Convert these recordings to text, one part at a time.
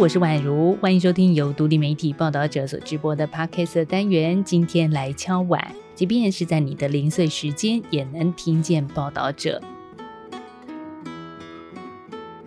我是婉如，歡迎收聽由獨立媒體報道者所直播的 Podcast 單元。今天來敲婉，即便是在你的零碎時間，也能聽見報道者。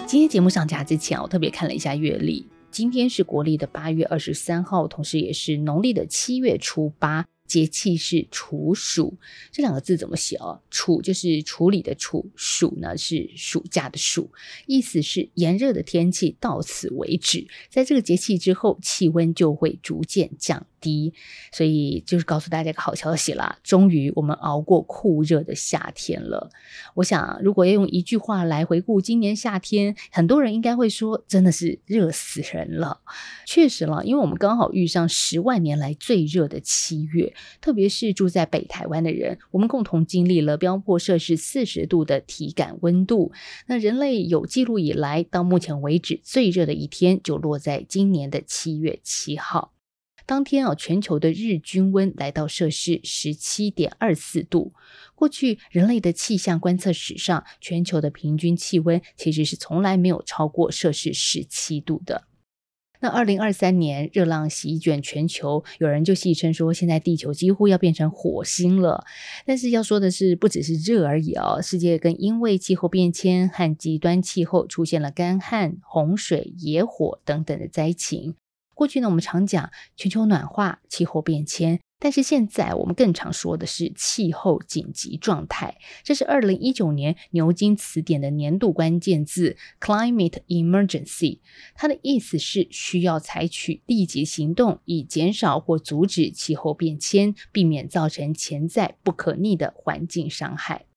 今天節目上架之前，我特別看了一下月曆，今天是國曆的八月二十三號，同時也是農曆的七月初八。節氣是處暑，這兩個字怎麼寫啊？處就是處理的處，暑呢是暑假的暑，意思是炎熱的天氣到此為止，在這個節氣之後，氣溫就會逐漸降低低，所以就是告訴大家個好消息啦！終於我們熬過酷熱的夏天了。我想，如果要用一句話來回顧今年夏天，很多人應該會說：“真的是熱死人了。”確實了，因為我們剛好遇上十萬年來最熱的七月，特別是住在北台灣的人，我們共同經歷了飆破攝氏四十度的體感溫度。那人類有記錄以來到目前為止最熱的一天，就落在今年的七月七號。當天哦，全球的日均溫來到攝氏十七點二四度。過去人類的氣象觀測史上，全球的平均氣溫其實是從來沒有超過攝氏十七度的。那二零二三年熱浪席捲全球，有人就戲稱說，現在地球幾乎要變成火星了。但是要說的是，不只是熱而已哦，世界更因為氣候變遷和極端氣候出現了乾旱、洪水、野火等等的災情。過去呢，我們常講全球暖化、氣候變遷，但是現在我們更常說的是氣候緊急狀態。這是二零一九年牛津詞典的年度關鍵字：Climate Emergency。它的意思是需要採取立即行動，以減少或阻止氣候變遷，避免造成潛在不可逆的環境傷害。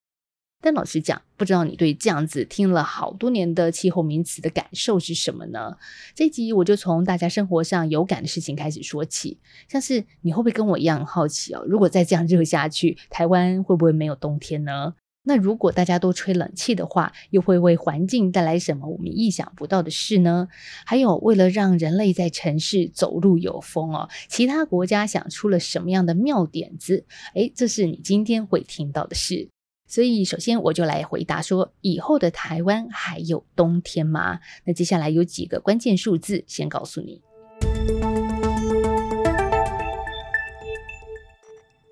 但老實講，不知道你對這樣子聽了好多年的氣候名詞的感受是什麼呢？這集我就從大家生活上有感的事情開始說起，像是你會不會跟我一樣好奇哦？如果再這樣熱下去，台灣會不會沒有冬天呢？那如果大家都吹冷氣的話，又會為環境帶來什麼我們意想不到的事呢？還有為了讓人類在城市走路有風哦，其他國家想出了什麼樣的妙點子？誒，這是你今天會聽到的事。所以，首先我就來回答說，以後的台灣還有冬天嗎？那接下來有幾個關鍵數字，先告訴你。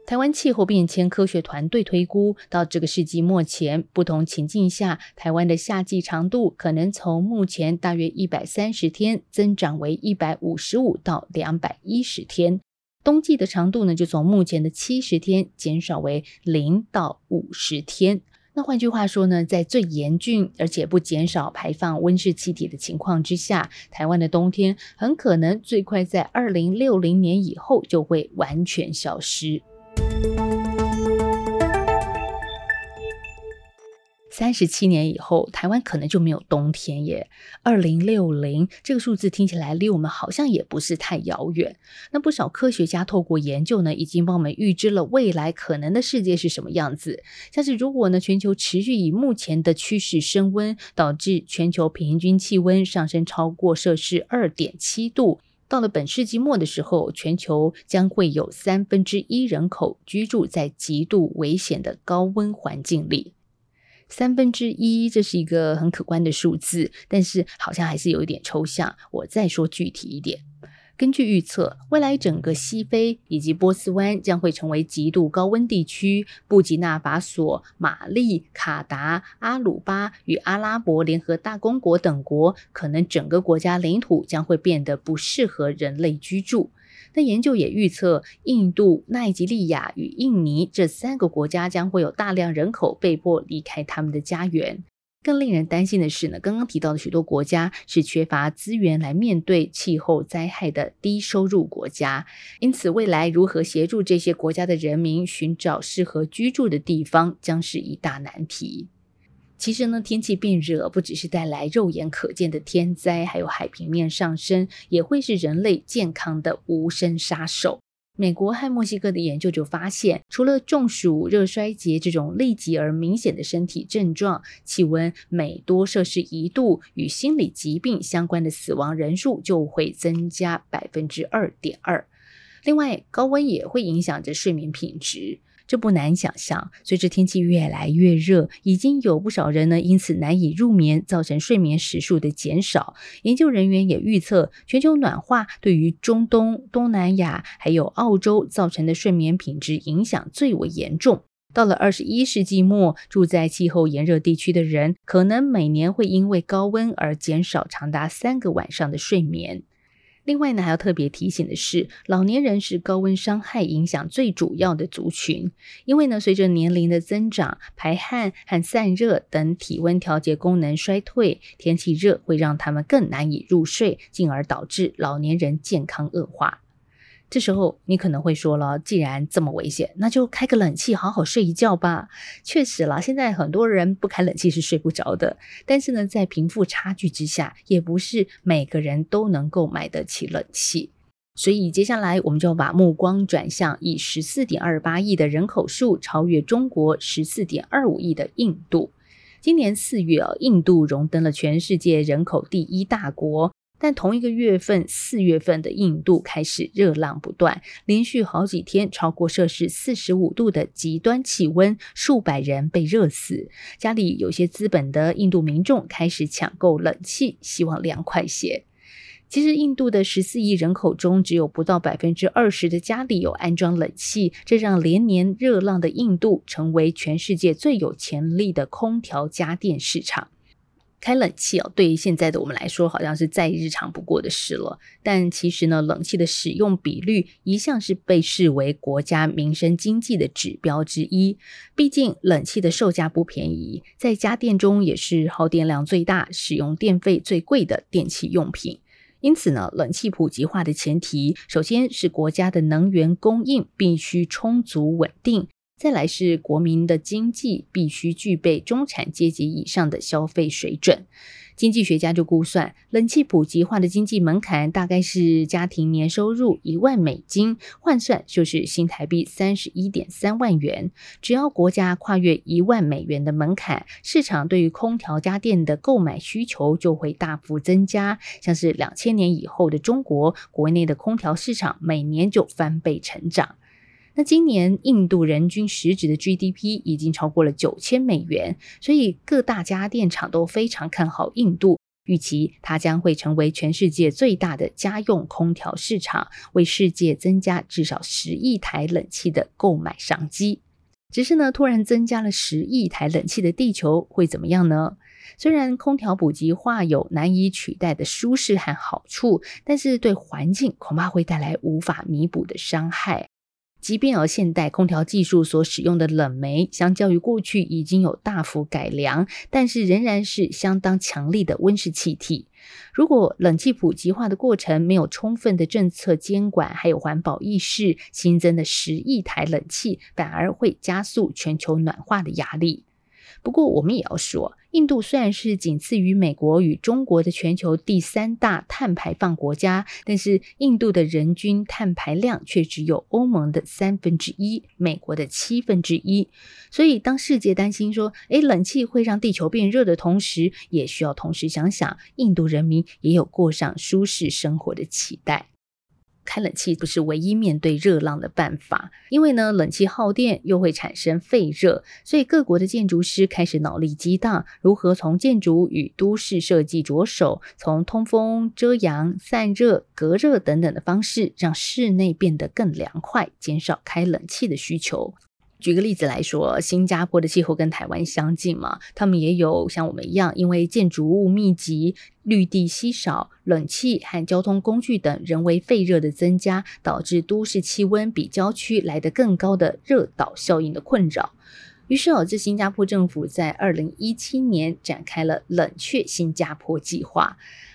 台灣氣候變遷科學團隊推估，到這個世紀末前，不同情境下，台灣的夏季長度可能從目前大約一百三十天增長為一百五十五到兩百一十天。冬季的長度呢，就從目前的七十天減少為零到五十天。那換句話說呢，在最嚴峻而且不減少排放溫室氣體的情況之下，台灣的冬天很可能最快在二零六零年以後就會完全消失。三十七年以後，台灣可能就沒有冬天耶。二零六零這個數字聽起來離我們好像也不是太遙遠。那不少科學家透過研究呢，已經幫我們預知了未來可能的世界是什麼樣子。但是如果呢，全球持續以目前的趨勢升溫，導致全球平均氣溫上升超過攝氏二點七度，到了本世紀末的時候，全球將會有三分之一人口居住在極度危險的高溫環境裡。三分之一，這是一個很可觀的數字，但是好像還是有一點抽象，我再說具體一點。根據預測，未來整個西非以及波斯灣將會成為極度高溫地區，布吉納法索、馬利、卡達、阿魯巴與阿拉伯聯合大公國等國，可能整個國家領土將會變得不適合人類居住。但研究也預測，印度、奈及利亞與印尼這三個國家將會有大量人口被迫離開他們的家園。更令人擔心的是呢，剛剛提到的許多國家是缺乏資源來面對氣候災害的低收入國家，因此未來如何協助這些國家的人民尋找適合居住的地方，將是一大難題。其實呢，天氣變熱不只是帶來肉眼可見的天災，還有海平面上升也會是人類健康的無聲殺手。美國和墨西哥的研究就發現，除了中暑、熱衰竭這種立即而明顯的身體症狀，氣溫每多攝氏一度，與心理疾病相關的死亡人數就會增加百分之二點二。另外，高溫也會影響着睡眠品質。這不難想象，隨着天氣越來越熱，已經有不少人呢因此難以入眠，造成睡眠時數的減少。研究人員也預測，全球暖化對於中東、東南亞還有澳洲造成的睡眠品質影響最為嚴重。到了二十一世紀末，住在氣候炎熱地區的人可能每年會因為高溫而減少長達三個晚上的睡眠。另外呢，還要特別提醒的是，老年人是高溫傷害影響最主要的族群。因為呢，隨着年齡的增長，排汗和散熱等體溫調節功能衰退，天氣熱會讓他們更難以入睡，進而導致老年人健康惡化。這時候你可能會說了，既然這麼危險，那就開個冷氣好好睡一覺吧。確實了，現在很多人不開冷氣是睡不着的。但是呢，在貧富差距之下，也不是每個人都能夠買得起冷氣。所以接下來，我們就要把目光轉向以十四點二八億的人口數超越中國十四點二五億的印度。今年四月啊，印度榮登了全世界人口第一大國。但同一個月份，四月份的印度開始熱浪不斷，連續好幾天超過攝氏四十五度的極端氣溫，數百人被熱死。家裡有些資本的印度民眾開始搶購冷氣，希望涼快些。其實，印度的十四億人口中，只有不到百分之二十的家裡有安裝冷氣，這讓連年熱浪的印度成為全世界最有潛力的空調家電市場。開冷氣哦、啊，對於現在的我們來說，好像是再日常不過的事了。但其實呢，冷氣的使用比率一向是被視為國家民生經濟的指標之一。畢竟冷氣的售價不便宜，在家電中也是耗電量最大、使用電費最貴的電器用品。因此呢，冷氣普及化的前提，首先是國家的能源供應必須充足穩定。再來是國民的經濟必須具備中產階級以上的消費水準，經濟學家就估算，冷氣普及化的經濟門檻大概是家庭年收入一萬美金，換算就是新台幣三十一點三萬元。只要國家跨越一萬美元的門檻，市場對於空調家電的購買需求就會大幅增加，像是兩千年以後的中國，國內的空調市場每年就翻倍成長。那今年印度人均實質的 GDP 已經超過了九千美元，所以各大家電廠都非常看好印度，預期它將會成為全世界最大的家用空調市場，為世界增加至少十億台冷氣的購買商機。只是呢，突然增加了十億台冷氣的地球會怎麼樣呢？雖然空調普及化有難以取代的舒適和好處，但是對環境恐怕會帶來無法彌補的傷害。即便，有現代空調技術所使用的冷媒，相較於過去已經有大幅改良，但是仍然是相當強力的溫室氣體。如果冷氣普及化的過程沒有充分的政策監管，還有環保意識，新增的十億台冷氣反而會加速全球暖化的壓力。不過，我們也要說，印度雖然是僅次於美國與中國的全球第三大碳排放國家，但是印度的人均碳排量卻只有歐盟的三分之一，美國的七分之一。所以，當世界擔心說“誒，冷氣會讓地球變熱”的同時，也需要同時想想，印度人民也有過上舒適生活的期待。開冷氣不是唯一面對熱浪的辦法，因為呢，冷氣耗電又會產生廢熱，所以各國的建築師開始腦力激盪，如何從建築與都市設計着手，從通風、遮陽、散熱、隔熱等等的方式，讓室內變得更涼快，減少開冷氣的需求。舉個例子來說，新加坡的氣候跟台灣相近嘛，他們也有像我們一樣，因為建築物密集、綠地稀少、冷氣和交通工具等人為廢熱的增加，導致都市氣溫比郊區來得更高的熱島效應的困擾。於是哦，這新加坡政府在二零一七年展開了冷卻新加坡計劃。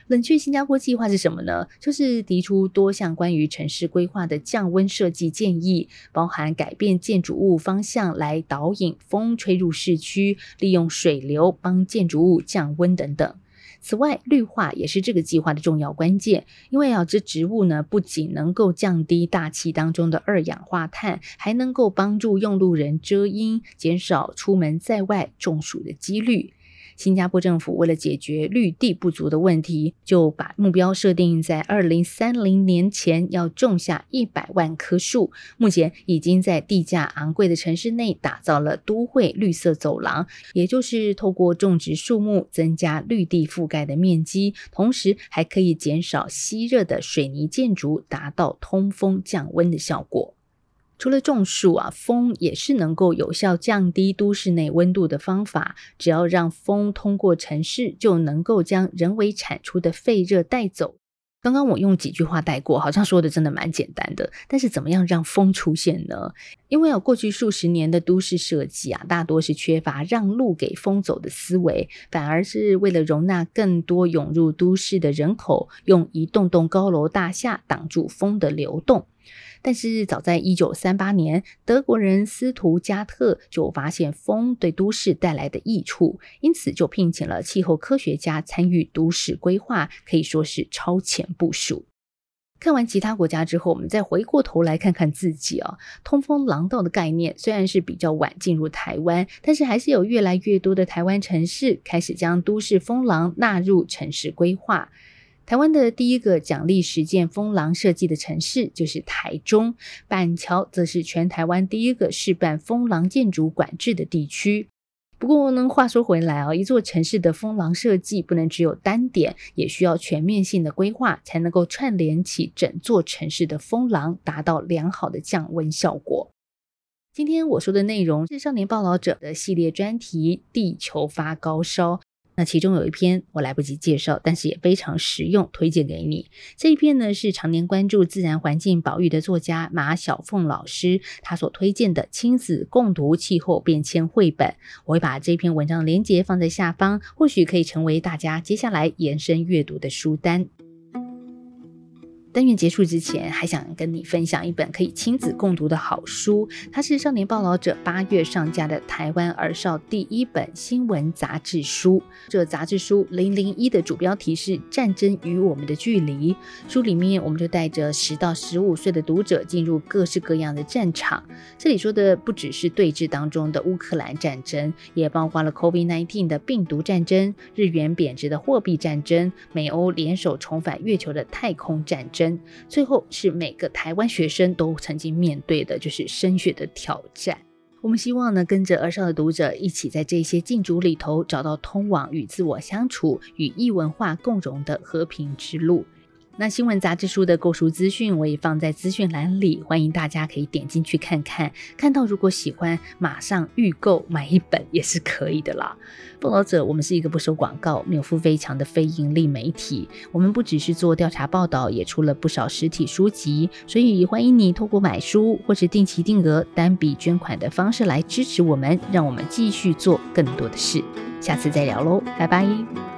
冷卻新加坡計劃是什麼呢？就是提出多項關於城市規劃的降溫設計建議，包含改變建築物方向來導引風吹入市區，利用水流幫建築物降溫等等。此外，綠化也是這個計劃的重要關鍵，因為啊，這植物呢，不僅能夠降低大氣當中的二氧化碳，還能夠幫助用路人遮陰，減少出門在外中暑的幾率。新加坡政府為了解決綠地不足的問題，就把目標設定在二零三零年前要種下一百萬棵樹。目前已經在地價昂貴的城市內打造了都會綠色走廊，也就是透過種植樹木增加綠地覆蓋的面積，同時還可以減少吸熱的水泥建築，達到通風降溫的效果。除了種樹啊，風也是能夠有效降低都市內溫度的方法。只要讓風通過城市，就能夠將人為產出的廢熱帶走。剛剛我用幾句話帶過，好像說的真的蠻簡單的。但是怎麼樣讓風出現呢？因為啊，過去數十年的都市設計啊，大多是缺乏讓路給風走的思維，反而是為了容納更多湧入都市的人口，用一棟棟高樓大廈擋住風的流動。但是早在一九三八年，德國人斯圖加特就發現風對都市帶來的益處，因此就聘請了氣候科學家參與都市規劃，可以說是超前部署。看完其他國家之後，我們再回過頭來看看自己哦。通風廊道的概念雖然是比較晚進入台灣，但是還是有越來越多的台灣城市開始將都市風廊納入城市規劃。台灣的第一個獎勵實踐風廊設計的城市就是台中，板橋則是全台灣第一個試辦風廊建築管制的地區。不過呢，話說回來啊、哦，一座城市的風廊設計不能只有單點，也需要全面性的規劃，才能夠串聯起整座城市的風廊，達到良好的降溫效果。今天我說的內容是《少年報導者》的系列專題《地球發高燒》。那其中有一篇我來不及介紹，但是也非常實用，推薦給你。這一篇呢，是常年關注自然環境保育的作家馬小鳳老師他所推薦的親子共讀氣候變遷繪本。我會把這篇文章的連結放在下方，或許可以成為大家接下來延伸閱讀的書單。單元結束之前，還想跟你分享一本可以親子共讀的好書。它是少年報導者八月上架的台灣兒少第一本新聞雜誌書。這雜誌書零零一的主標題是《戰爭與我們的距離》。書裡面我們就帶着十到十五歲的讀者進入各式各樣的戰場。這裡說的不只是對峙當中的烏克蘭戰爭，也包括了 COVID-19 的病毒戰爭、日元貶值的貨幣戰爭、美歐聯手重返月球的太空戰爭。最後是每個台灣學生都曾經面對的，就是升學的挑戰。我們希望呢，跟着兒少的讀者一起，在這些鏡主裡頭，找到通往與自我相處、與異文化共融的和平之路。那新聞雜誌書的購書資訊我也放在資訊欄裡，歡迎大家可以點進去看看。看到如果喜歡，馬上預購買一本也是可以的啦。報道者，我們是一個不收廣告、沒有付費牆的非盈利媒體。我們不只是做調查報道，也出了不少實體書籍，所以歡迎你透過買書或是定期定額單筆捐款的方式來支持我們，讓我們繼續做更多的事。下次再聊嘍，拜拜。